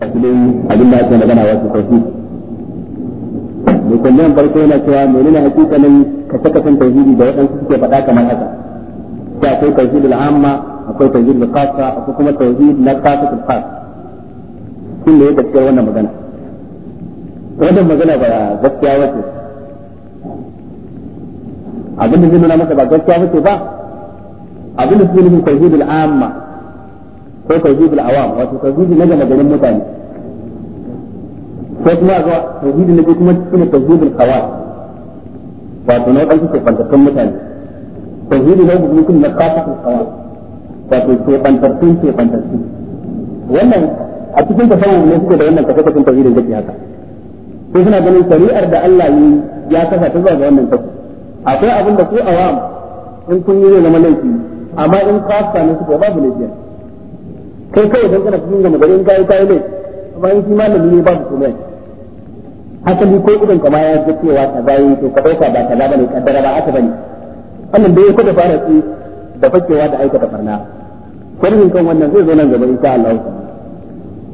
su dai abin da ake magana wasu tauhid mai farko yana cewa menene tauhidi da waɗansu akwai akwai akwai kuma tauhid na ba gaskiya wace abin da zai nuna masa ba gaskiya wace ba abin da zai nuna amma ko tauhidul awam wato tauhidi na gama garin mutane ko kuma zuwa tauhidi na kuma shine tauhidul khawas wato na wadansu ke fantattun mutane tauhidi na kuma kuma na khasatul khawas wato ke fantattun ke fantattun wannan a cikin tasawuf ne suke da wannan kasafin tauhidin da ke haka sai suna ganin shari'ar da Allah yi ya kafa ta zuwa ga wannan kasu akwai abin da ku awam in kun yi ne zama laifi amma in khassa ne suke babu laifi kai kai dan kana cikin gama garin kai kai ne amma in malami ne babu komai hasali ko idan kama ya ga cewa ta bayi to ka dauka ba kaza bane kaddara ba aka bane annan da ya kwada fara tsi da fakewa da da farna kwarin kan wannan zai zo nan gaba insha Allah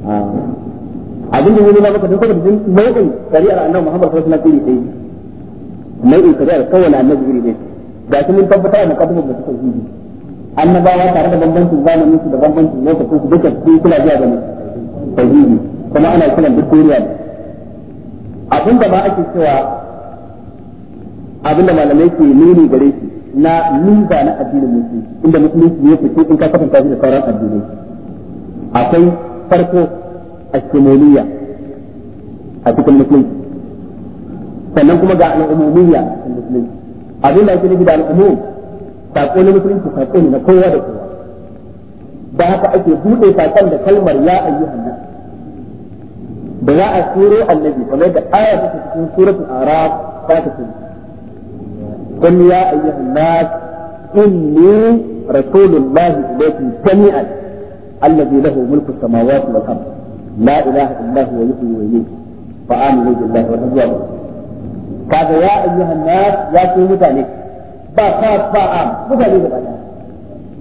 ah. abin da yi na maka don saboda jin nau'in shari'ar annabi Muhammad sallallahu alaihi wasallam iri ɗaya nau'in shari'ar kowane annabi ne da ga shi mun tabbatar da kafin da suka yi annabawa tare da bambancin zamanin su da bambancin lokacin su duka sun kula zuwa ga tauhidi kuma ana kula duk duniya abin da ba ake cewa abin da malamai ke nuni gare shi na nuna na addinin musulunci inda musulunci ya fice in ka kasanta shi da sauran addinai akwai farko ashimoliya a cikin musulunci sannan kuma ga al'umumiyya a cikin musulunci abin da ake nufi da al'umum sako na musulunci sako ne na kowa da kowa da haka ake bude sakon da kalmar ya ayyuhan nas da za a turo annabi kamar da aya ta cikin suratul araf ta ta ce kun ya ayyuhan nas inni rasulullahi ilaykum jami'an alladhi lahu mulku samawati wal ard la ilaha illa huwa yuhyi wa yumiitu fa aminu billahi wa tawakkalu kaga ya ayyuhan nas ya ku mutane ba ta ba a mutane gaba daya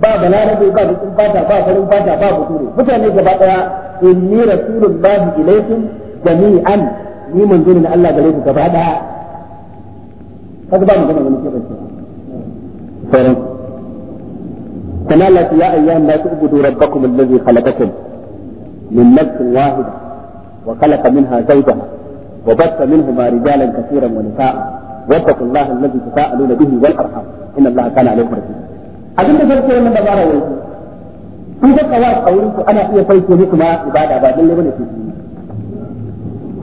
ba balarabe ba bikin fata ba farin fata ba bature mutane gaba daya inni rasulullahi ilaikum jami'an ni manzo ne Allah gare ku gaba daya kaga ba magana wani kebe sauran kana la ya ayyuhan nasu ubudu rabbakum alladhi khalaqakum min nafsin wahida وخلق منها زوجها وبث منهما رجالا كثيرا ونساء واتقوا الله الذي تساءلون به والارحام ان الله كان عليكم رقيبا abin da farko wannan dabara wai ku ga kawai a wurin ku ana iya farko ne kuma ibada ba dan bane ku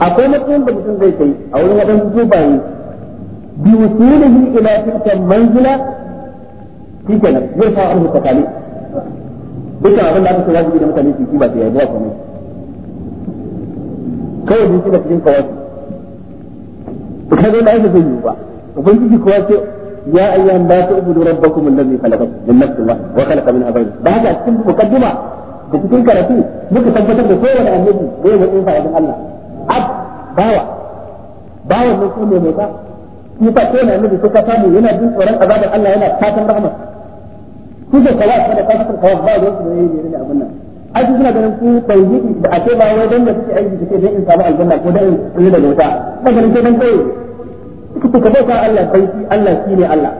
akwai matsayin da mutum zai kai a wurin wadansu dubaye bi wusulihi ila tilka manzila kike nan zai fa an hukata ne dukkan abin da aka ce da mutane su ba sai ya zuwa kuma kawai duk da cikin kawai ka ga da zai yi ba ubangiji kuwa ce ya ayyuhan nasu ubudu rabbakum allazi khalaqakum min nafsin wahid wa khalaqa minha zawjaha da haka cikin mukaddima da cikin karatu muka tabbatar da kowane annabi zai matsayin sa wajen Allah ab bawa bawa ne ko ne mota shi fa ne annabi sai samu yana jin tsoron azabar Allah yana fatan rahmat su da kawai kada ka fitar kawai ba wani ne ne ne ai su suna ganin ku tauhidi da ake ba wai dan da suke aiki suke dan in samu aljanna ko dan in kullu da wuta ba ganin ke dan kai suka ka bauta Allah tauhidi Allah ne Allah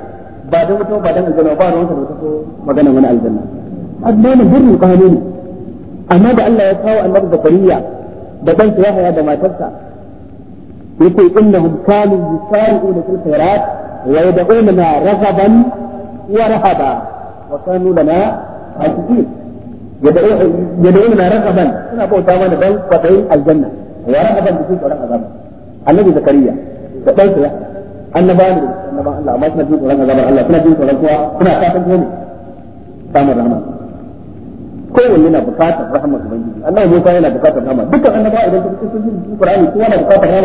ba dan wuta ba dan aljanna ba ruwan sa da ko magana wani aljanna addini birru qanuni amma da Allah ya kawo annabi zakariya da dan ya haya da matarsa yace innahum kanu yusari'una fil khairat wa yad'una raghaban wa rahaba wa kanu lana hasibin yad'una na ragaban suna bauta mana dan kwadayin aljanna wa ragaban da su tsoron azaba annabi zakariya da dan sa annabawa ne annabawan Allah suna azabar Allah suna jin tsoron kuwa suna fatan kowa ne samun rahama kowanne yana bukatar rahama ubangiji Allah ya musa yana bukatar rahama dukkan annabawa idan ka sun jin Qur'ani kowa yana bukatar ko ka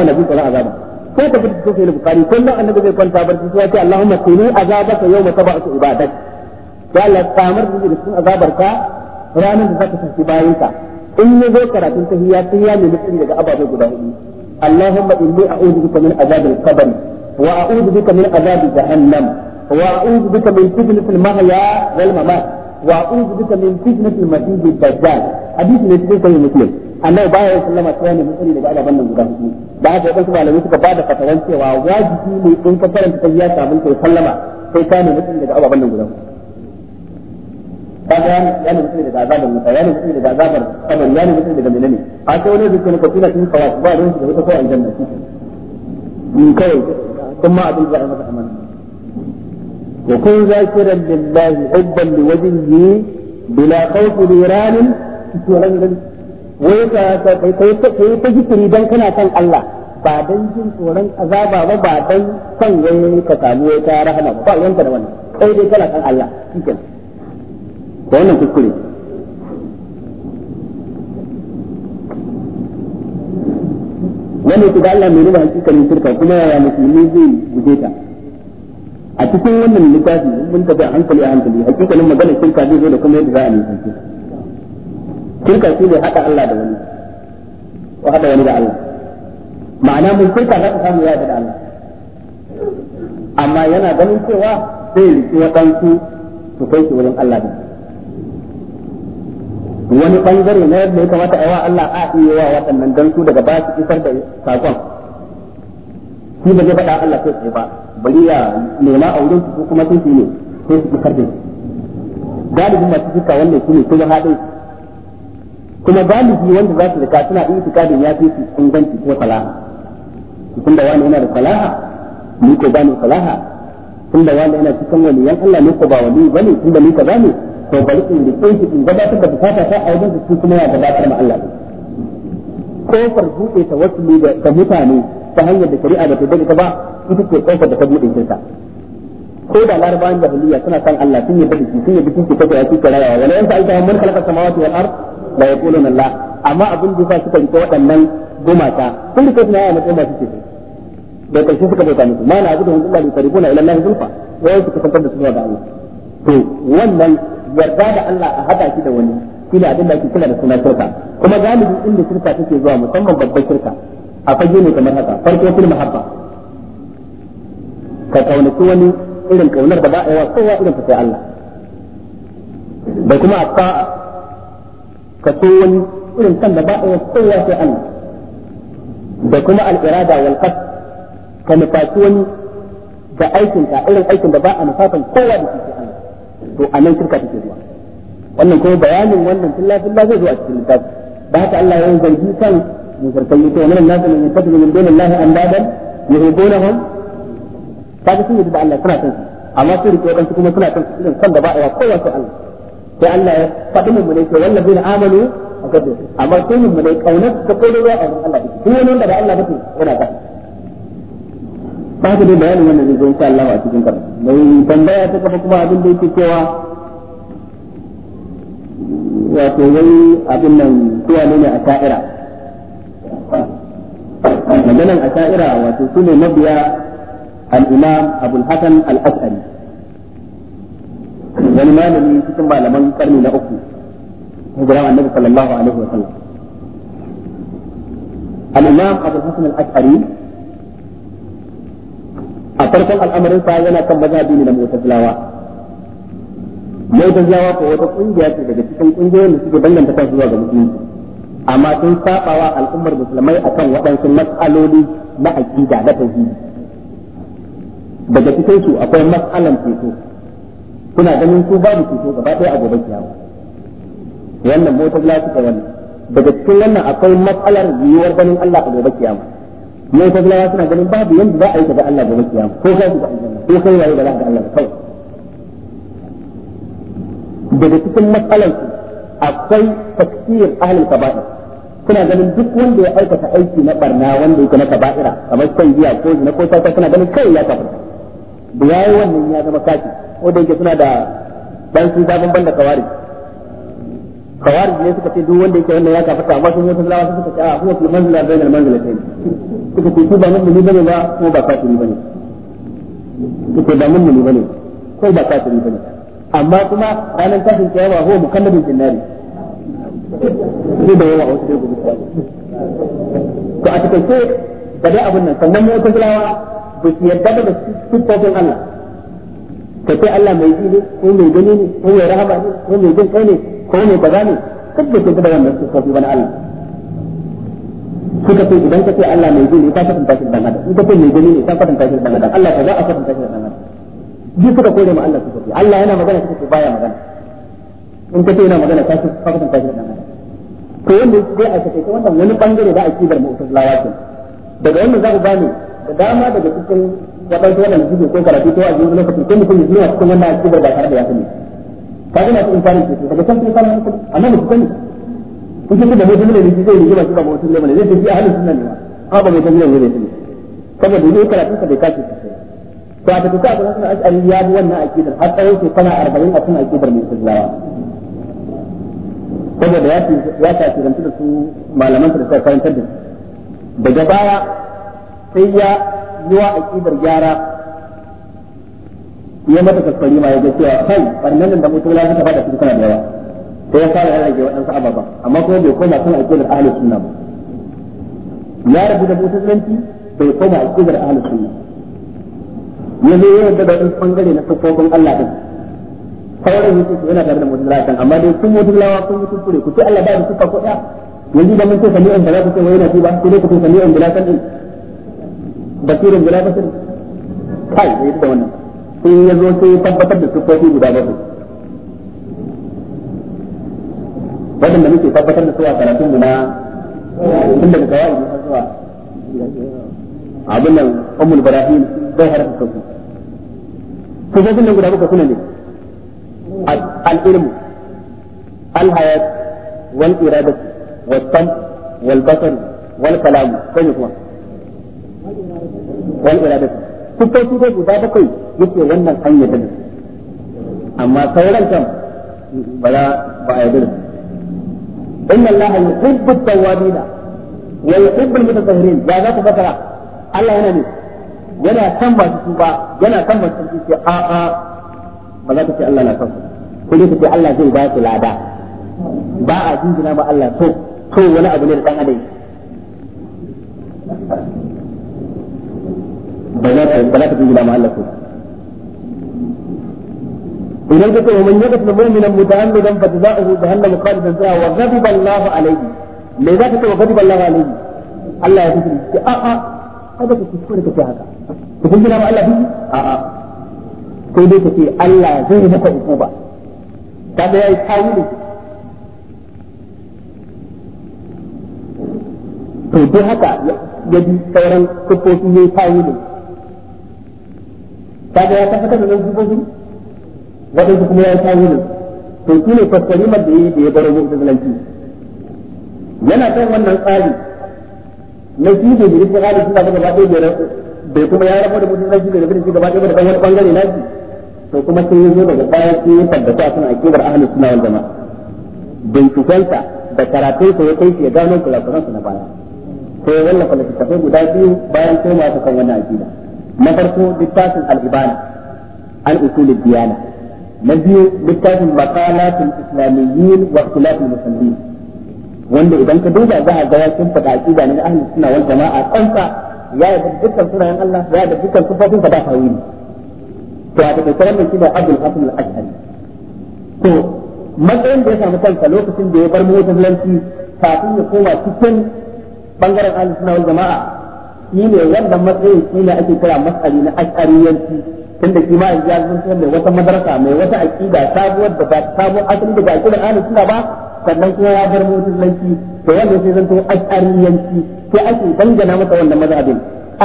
annabi zai kwanta barci sai ce Allahumma qini azabaka yawma tab'atu ibadak ya Allah kamar da cikin azabarka ranar da zaka tafi bayan ka in ne zo karatun tahiyya sai ya nemi tsari daga ababai guda hudu Allahumma inni a'udhu bika min azab al-qabr wa a'udhu bika min azab jahannam wa a'udhu bika min fitnat al-mahya wal mamat wa a'udhu bika min fitnat al-masih ad-dajjal hadisi ne cikin sahih muslim annabi ba ya sallama sai ya nemi tsari daga ababen nan guda hudu da haka wadansu malamai suka ba da fatawan cewa wajibi ne in ka karanta tahiyya kafin kai sallama sai ka nemi tsari daga ababen nan guda hudu ba ga yana mutum daga azabar musa yana mutum daga azabar kabar yana mutum daga menene a sai wani zuciya ka tuna cikin kawai ba don da wata kawai aljanna shi in kawai kuma abin da ya amana wa kun zakiran lillahi hubban liwajhihi bila khawfi liran turan gani wai ka kai kai ta zikiri dan kana san Allah ba dan jin tsoron azaba ba ba dan san wani ka samu wata rahama ba yanka da wannan sai dai kana san Allah shikenan da wannan kuskure wani su da Allah mai nuna hakikalin shirka kuma yaya musulmi zai guje ta a cikin wannan littafi mun tafi hankali a hankali hakikalin maganar shirka zai zo da kuma yadda za a nisanci shirka shi ne haɗa Allah da wani ko haɗa wani da Allah ma'ana mun shirka za ka samu ya da Allah amma yana ganin cewa sai riki waɗansu su kai shi wurin Allah da wani bangare na yadda ya kamata a wa Allah a iya wa waɗannan don su daga ba su isar da saƙon shi ba zai faɗa Allah kai ba bari ya nema a wurin su kuma sun ne sai su isar da galibin masu fika wannan shi ne kuma haɗe kuma galibi wanda za su rika suna iya tikadin ya fi su inganci ko salaha tun da wani yana da salaha ni ko ba salaha tun da wani yana cikin waliyan Allah ne ko ba wali bane tun da ni ka ba to bari in da shi in gabatar da bukata ta a wajen su kuma ya gabatar ma Allah kofar buɗe ta wasu da mutane ta hanyar da shari'a da ta daga ta ba ita ce kofar da ta buɗe ta ko da da buliya suna san Allah sun yi bada sun yi bikin ki kafa ya ci rayawa wala yansa aita man khalaqa samawati wal ard la yaquluna Allah amma abin da yasa suka rike wadannan gumaka sun rike suna yana matsayin masu ce da karshe suka bauta musu ma na abu da hunzun da karibuna ila Allah zulfa wai suka tantar da su da Allah to wannan yarda da Allah a hada shi da wani shine abin da ake kira da suna shirka kuma galibi inda shirka take zuwa musamman babbar shirka a fage ne kamar haka farko fil mahabba ka kaunaci wani irin kaunar da ba a yi wa kowa irin sai Allah da kuma a ka so wani irin kan da ba a yi kowa sai Allah da kuma al-irada wal qasd ka nufaci wani aikin aikinka irin aikin da ba a nufatan kowa da shi sai Allah to a nan shirka take zuwa wannan kuma bayanin wannan filla filla zai zo a cikin littafi ba haka Allah ya zargi kan yi yake wannan nasu ne ya tafi min dunillahi andadan yuhibbunahum kaga sun yi da Allah suna san amma su rike wadansu kuma suna san irin san da ba a kowa sai Allah sai Allah ya faɗi mun ne ce wallahi amalu a gado amma sai mun ne kaunar ta kai dole ruwa a Allah duk wani wanda da Allah ba yana ba ba ka dai bayanin wannan zai zo insha Allah a cikin karatu mai tambaya ta kafa kuma abin da yake cewa wato wai abin nan kowa ne a sha'ira maganan a sha'ira wato su ne mabiya al'imam abul hasan al'asari wani malami cikin malaman karni na uku hijiran annabi sallallahu alaihi wa sallam al'imam abul hasan al'asari farkon al'amarin sa yana kan mazhabi ne na mu'tazilawa mu'tazilawa ko wata kungiya ce daga cikin kungiyoyin da suke danganta kansu zuwa ga musulmi amma sun sabawa al'ummar musulmai akan waɗansu mas'aloli na aqida na tauhidi daga cikin su akwai mas'alan ceto kuna ganin su babu ceto gaba ɗaya a gobe kiyama wannan mu'tazilawa suka wani daga cikin wannan akwai mas'alar yiwuwar ganin Allah a gobe kiyama mai fadlawa suna ganin babu yanda za a yi ga Allah gobe kiyama ko kai ga ko kai waye ba za ka Allah kawai daga cikin matsalar akwai tafsir ahlul kaba'ir kuna ganin duk wanda ya aikata aiki na barna wanda yake na kaba'ira kamar shan giya ko zina ko sauka kuna ganin kai ya kafa da yayi wannan ya zama kafi wanda yake suna da dan su zaban banda kawari kawari ne suka ce duk wanda yake wannan ya kafa amma sun yi sallah suka ce a ah, huwa fil manzila bainal manzilatayn suka ce shi ba mun muni bane ba ko ba kafiri bane suka ba mun muni bane ko ba kafiri bane amma kuma ranar tashin kiyama huwa mukallabin jinnari ko da yawa wasu dogo to a cikin ce ga dai abin nan sannan mu tafilawa ba su yarda da siffofin Allah ka ce Allah mai ji ne ko mai gani ne ko mai rahama ne ko mai jin kai ne ko mai kaza ne duk da ke da wannan siffofi wani Allah suka ce idan ka ce Allah mai ji ne ka kwatanta shi da dan adam in ka ce mai gani ne ka kwatanta shi da dan adam Allah ka za a kwatanta shi da dan adam ji suka kore ma Allah suka ce Allah yana magana suka ce baya magana in ka ce yana magana ka kwatanta shi da dan adam to yanda dai a take wannan wani bangare da mu mu'tazilawa ce daga wannan za ku bani da dama daga cikin wadansu wannan jibi ko karatu ko a jibi lokacin ko mutum ya zuwa cikin wannan akidar ba tare da ya sani ka ga in fara ke daga can fara samu amma mutum sani kusa da mutum ne shi zai rigima shi ba mutum ne bane zai tafi a halin sunna ne ba ba mai tafiya ne bai tafi saboda dole karatun sa bai kace sosai to a tafi ka ga ash'ari ya bi wannan aqidar har tsawon shekara 40 a cikin aqidar musulmawa saboda ya ce ya ta kiranta da su malaman su da suka karantar da su daga baya sai ya yi wa aqidar gyara ya mata kaskari ma ya ga cewa kai barnan da mutum ya ta fada su kana da yawa sai ya fara yana ga waɗansu ababa amma kuma bai koma kan aƙidar ahlus sunna ba ya rabu da mutasanci bai koma aƙidar ahlus sunna ya zo ya yarda wani bangare na sufofin Allah din sauran yake yana tare da mutulawa amma dai kun mutulawa kun mutum kure ku ce Allah ba da suka ko ɗaya yanzu da mun ce sami'an da za ku ce wai yana ci ba sai dai ku ce sami'an da san din basirin bila basir kai da yadda wannan sai ya sai tabbatar da sufofi guda bakwai da muke tabbatar da cewa karatun mu na tun da kawai har zuwa abin nan ummul barahim bai harfa kanku ga nan guda muka suna ne al-ilmu al-hayat wal iradatu wal sam wal basar wal kalam kai kuma wal iradatu kusosin dai guda bakwai yake wannan hanyar da amma sauran kan ba za ba a inna allaha yuhibbu at-tawwabina wa yuhibbu al-mutatahhirin ya za ku fasara Allah yana ne yana san ba su ba yana san ba su ce a a ba za ku ce Allah na san ku ne ku ce Allah zai ba ku lada ba jinjina ba Allah wani abu da dan adam ba za jinjina Allah idan ka ce man yaqtul mu'mina muta'ammidan fa jazaohu jahannam khalidan fiha wa ghadiba Allahu alayhi me za ka ce wa ghadiba Allahu alayhi Allah ya fitar ki a a kada ka kuskure ka haka ku kun gina ma Allah fiye a a sai dai ka Allah zai hukuma ta da yayi tawili to dai haka ya bi sauran tawili ta da ya da zan waɗansu kuma ya yi tawilin to shi ne fassarimar da ya da ya baro zalanci yana kan wannan tsari na shi da jirgin tsari a ba gaba ɗaya bai kuma ya rabu da mu'tazilanci da rabu da shi gaba ɗaya da ɗan ɓangare na shi to kuma sai ya zo daga baya sai ya tabbata a da ahlus sunna wal jamaa bincikensa da karatunsa ya kai shi ya gano kurakuransa na baya sai ya wallafa littattafai guda biyu bayan koma ta kan wannan akida na farko littafin al-ibana an usulul diyana na biyu littafin maqalatul islamiyyin wa ikhtilafil muslimin wanda idan ka duba za a ga ya kin fada aqida ne na ahlus sunna wal jama'a kanka ya yi dukkan sunayen Allah ya da dukkan sifofin ka da tawili to a da karamin shi da Abdul Hasan al-Ash'ari to matsayin da ya samu kanka lokacin da ya bar mutalanci kafin ya koma cikin bangaren ahlus sunna wal jama'a shine wannan matsayin shine ake kira mas'ali na ash'ariyanci tunda kima ya zuntar mai wata madarasa mai wata aqida sabuwar da ba ta asalin da ba aqidar ahlus sunna ba sannan kuma ya bar mutunci to wanda sai zanto asariyanci sai ake dangana masa wannan mazhabin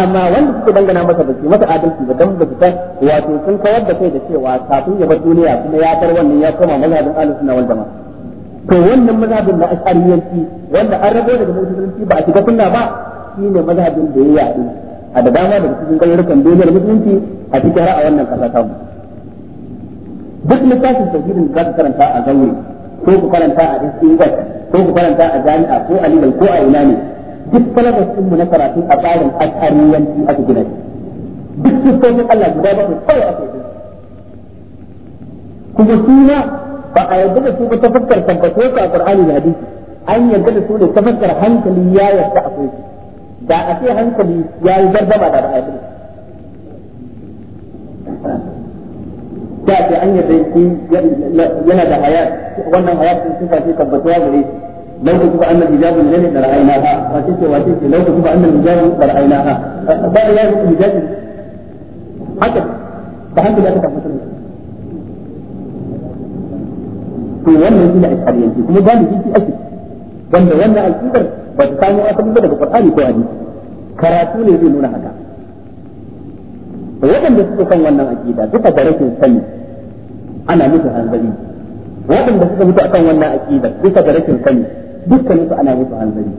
amma wanda suke dangana masa ba masa adalci ba dan ba ta wato sun kawar da kai da cewa kafin ya bar duniya kuma ya bar wannan ya koma mazhabin ahlus sunna wal jamaa to wannan mazhabin na asariyanci wanda an rabo daga mutunci ba a shiga sunna ba shine mazhabin da ya yi a da dama daga cikin ƙauyukan duniyar musulunci a cikin ra'a a wannan ƙasa ta mu duk littafin tauhidin da za ka karanta a zaure ko ku karanta a istingat ko ku karanta a jami'a ko a liban ko a ina ne duk sun mu na karatu a tsarin asariyanci aka gina shi duk siffofin Allah guda ba kawai aka yi kuma suna ba a yarda da su ba tafakkar tabbatar ka Qur'ani da hadisi an yarda da su da tafakkar hankali ya yarda akwai da a ce hankali ya yi gardama da ba ta ce an yana da haya wannan haya sun sufa ce tabbatuwa gare لو كتب أن الحجاب الجنة لرأيناها وتلك وتلك لو كتب أن الحجاب لرأيناها بل لا يكتب حجاب حتى فهمت لا wannan shi ne a shari'anci kuma galibi shi ake wanda wannan al'ubar ba ta samu asali ba daga qur'ani ko hadisi karatu ne zai nuna haka waɗanda suka san wannan aqida duka da rashin sani ana musu hanzari waɗanda suka mutu akan wannan aqida duka da rashin sani dukkan su ana musu hanzari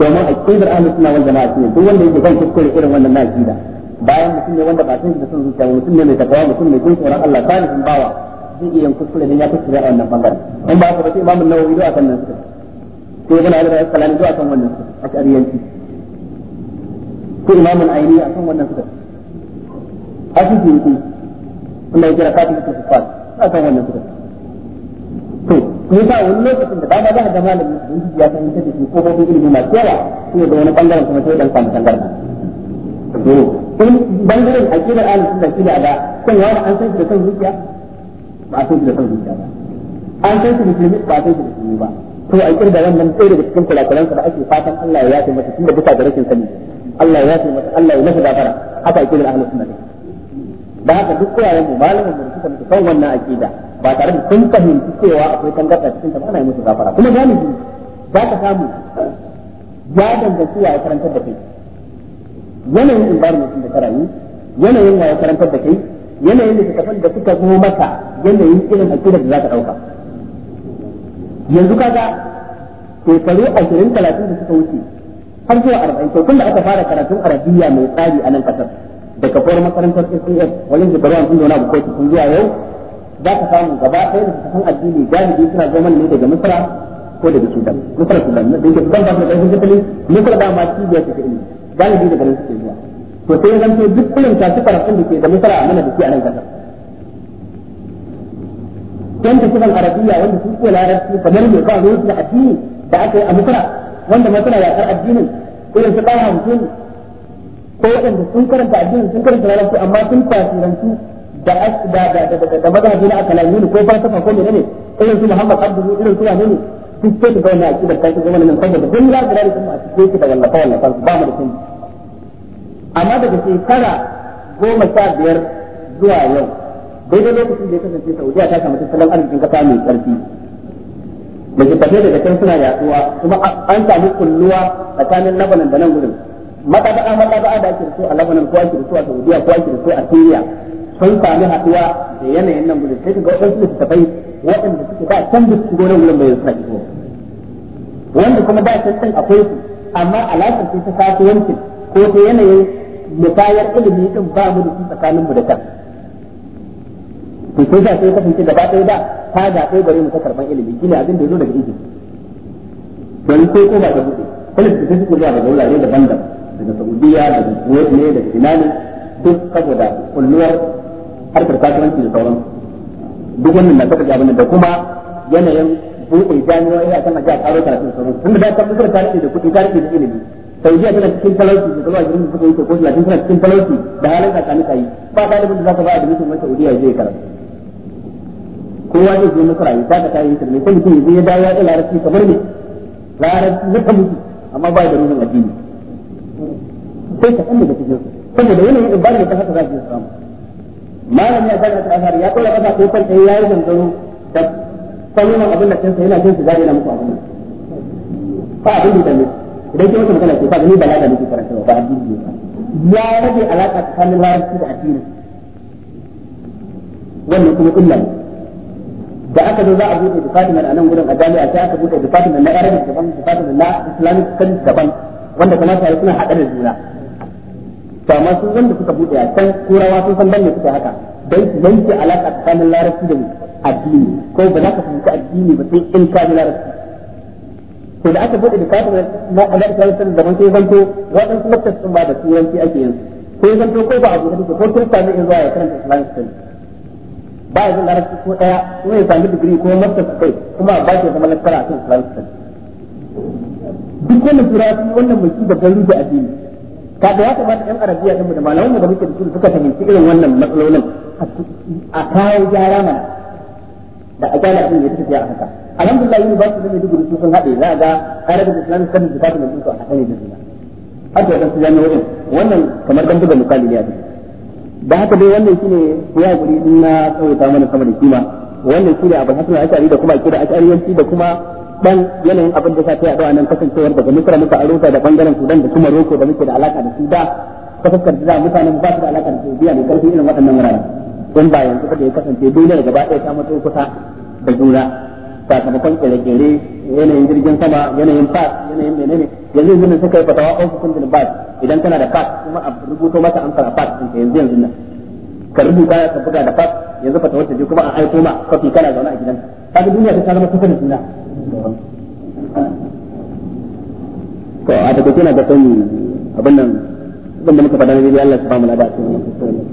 domin aqidar ahlus sunna wal jama'a ce duk wanda yake kan kuskure irin wannan na aqida bayan mutum ne wanda ba san shi da son zuciya mutum ne mai takawa mutum ne jin tsoron Allah tarihin bawa zai iya yin kuskure ne ya kuskure a wannan bangaren in ba ku ba sai imamu nawawi da kan nan suka ko ibn abi rabi kalani zuwa kan wannan a shariyanci ko imamun aini a kan wannan suka asisi ne wanda ya kira kafin su fara a kan wannan suka to ko yasa wani lokacin da ba ma ka ga malami in ya san ta da ko ba ilimi masu yawa kuma da wani bangaren kuma sai dan samu tangarda to in bangaren aqidar ahlus sunna shi da da kan yawa an san shi da san zuciya ba a san shi da san zuciya ba an san shi da ba a ba ko a kirga wannan ɗaya daga cikin kulakulansa da ake fatan Allah ya yafe masa tunda bisa ga rashin sani Allah ya yafe masa Allah ya masa gafara haka ake da ahlus sunna da haka duk koyayen mu malamin mu suka mutu kan wannan aqida ba tare da sun fahimci cewa akwai tangarda cikin ta ana yi musu gafara kuma mu za ka samu ya danganci ya karantar da kai yanayin mutum da karayi rayu yanayin ya karantar da kai yanayin da ka da suka zo maka yanayin irin aqidar da za ka dauka yanzu kaga shekaru ashirin talatin da suka wuce har zuwa arba'in to tunda aka fara karatun arabiya mai tsari a nan kasar daga kafar makarantar SAS wajen da barwan sun zauna a bukoti sun zuwa yau za ka samu gaba ɗaya da tafan addini galibi suna zaman ne daga misra ko daga sudan misra sudan da yake sudan ba su da ƙarfin tattali misra ba ma biyar tafi ilimi galibi daga nan suke zuwa to sai ya zanto duk ta tashi karatun da ke da misra a mana da ke a nan kasar dan tafsirin arabiya wanda su ko larabci kamar mai ba ruwan da addini da aka yi a misra wanda ma suna yakar addinin irin su ɗaya hamsin ko waɗanda sun karanta addinin sun karanta larabci amma sun tasirantu da da da da mazhabi na akalani ko falsafa ko menene irin su Muhammad Abdu irin su Wahimi duk sai da bayyana akida ta ta zamanin nan saboda duk ya gura kuma a cikin shi da wallafa wallafa ba mu da kun amma daga shekara goma sha biyar zuwa yau daidai lokacin da ya kasance Saudiya ta samu tattalin arzikin kasa mai karfi da ke daga can suna yaduwa kuma an samu kulluwa tsakanin labanan da nan gudun mataba'a mataba'a da ake da su a labanan ko ake da su a Saudiya ko ake da su a Syria sun sami haɗuwa da yanayin nan gudun sai ga waɗansu tafai waɗanda suke ba can da su gona gudun bai sa ido wanda kuma ba can can akwai su amma alaƙar sai ta kasuwancin ko ta yanayin musayar ilimi din ba mu da su tsakaninmu da kan to ko da sai ka fice gaba ɗaya ba ka ga ɗaya gare mu ta karban ilimi kina abin da yazo daga ido dan sai ko ba ta bude kullu da take zuwa daga wurare daban-daban daga Saudiya daga Kuwait ne daga Finland duk saboda kulluwar harkar kasuwanci da sauran duk wannan na saka abin da kuma yanayin buɗe jami'o'i a kan a jiya karo karatu da sauransu tunda da ta fitar ta rike da kuɗi ta rike da ilimi saudiya tana cikin talauci da zuwa jirgin suka yi ko kuma tana cikin talauci da halin tsakanin kayi ba ɗalibin da za ka ba a jirgin wani saudiya zai karatu kowa zai je nasara ya saka kayan shi ne sai mutum ya je ya dawo ya ɗaya larabci kamar ne larabci na ta mutu amma ba da nuna addini sai ka san daga cikin saboda yanayin ibada da ta haka za ki samu malami ya kan ta ya kula kasa ko kan sai yayi zanzaro da kwanan abin da kansa yana jin su zai yana muku abin fa abin da ne idan kin mutum kana ce fa ni ba lada muku karanta ba addini ne ya rage alaka tsakanin larabci da addini wannan kuma illa ne da aka zo za a buɗe department a nan gurin a jami'a sai aka buɗe department na arabic daban department na islamic studies daban wanda kuma ya suna haɗa da juna to amma sun wanda suka buɗe a can turawa sun san banne suka haka dan su yanke alaƙa tsakanin larabci da addini ko ba za ka fahimci addini ba sai in ka ji larabci to da aka buɗe department na arabic studies daban sai zanto waɗansu lokacin ba da turanci ake yin ko zanto ko ba a buɗe ko kirista ne in zuwa ya karanta islamic studies ba ya jin larabci ko ɗaya kuma ya sami digiri ko master kai kuma a bashi zama lakara a kan islamic duk wanda su turawa wannan mai ci babban rufe addini da ya kamata yan arabiya din da malaman da muke da su suka fahimci irin wannan matsalolin a kawo gyara mana da a gyara abin da tafiya a haka alhamdulillah yi ba su da digiri su sun haɗe za ga kare da studies da fatu da su a haɗe da juna har da su jami'o'in wannan kamar dan buga misali ne a cikin da haka dai wannan shine ku ya guri in na tsawaita mana sama da kima wannan shine abin hasan ashari da kuma akida ashariyanci da kuma dan yanayin abin da ta yi a nan kasancewar daga misra muka arusa da bangaren sudan da kuma roko da muke da alaka da su da ta fuskar da mutanen ba su da alaka da saudiya mai karfi irin waɗannan wuraren don ba yanzu kada ya kasance duniya gaba ɗaya ta mato kusa da juna sakamakon kere-kere yanayin jirgin sama yanayin fa yanayin menene yanzu yanzu nan suka yi fatawa an hukunta da bas idan kana da fas kuma a rubuto maka amsar a fas ɗinka yanzu yanzu nan ka rubuta ya ka buga da fas yanzu fatawar ta je kuma an aiko ma kafi kana zaune a gidan gidanka ga duniya ta zama kusa da juna to a da na da sani abin nan abin da muka faɗa na bidiyo Allah ya ba mu labarin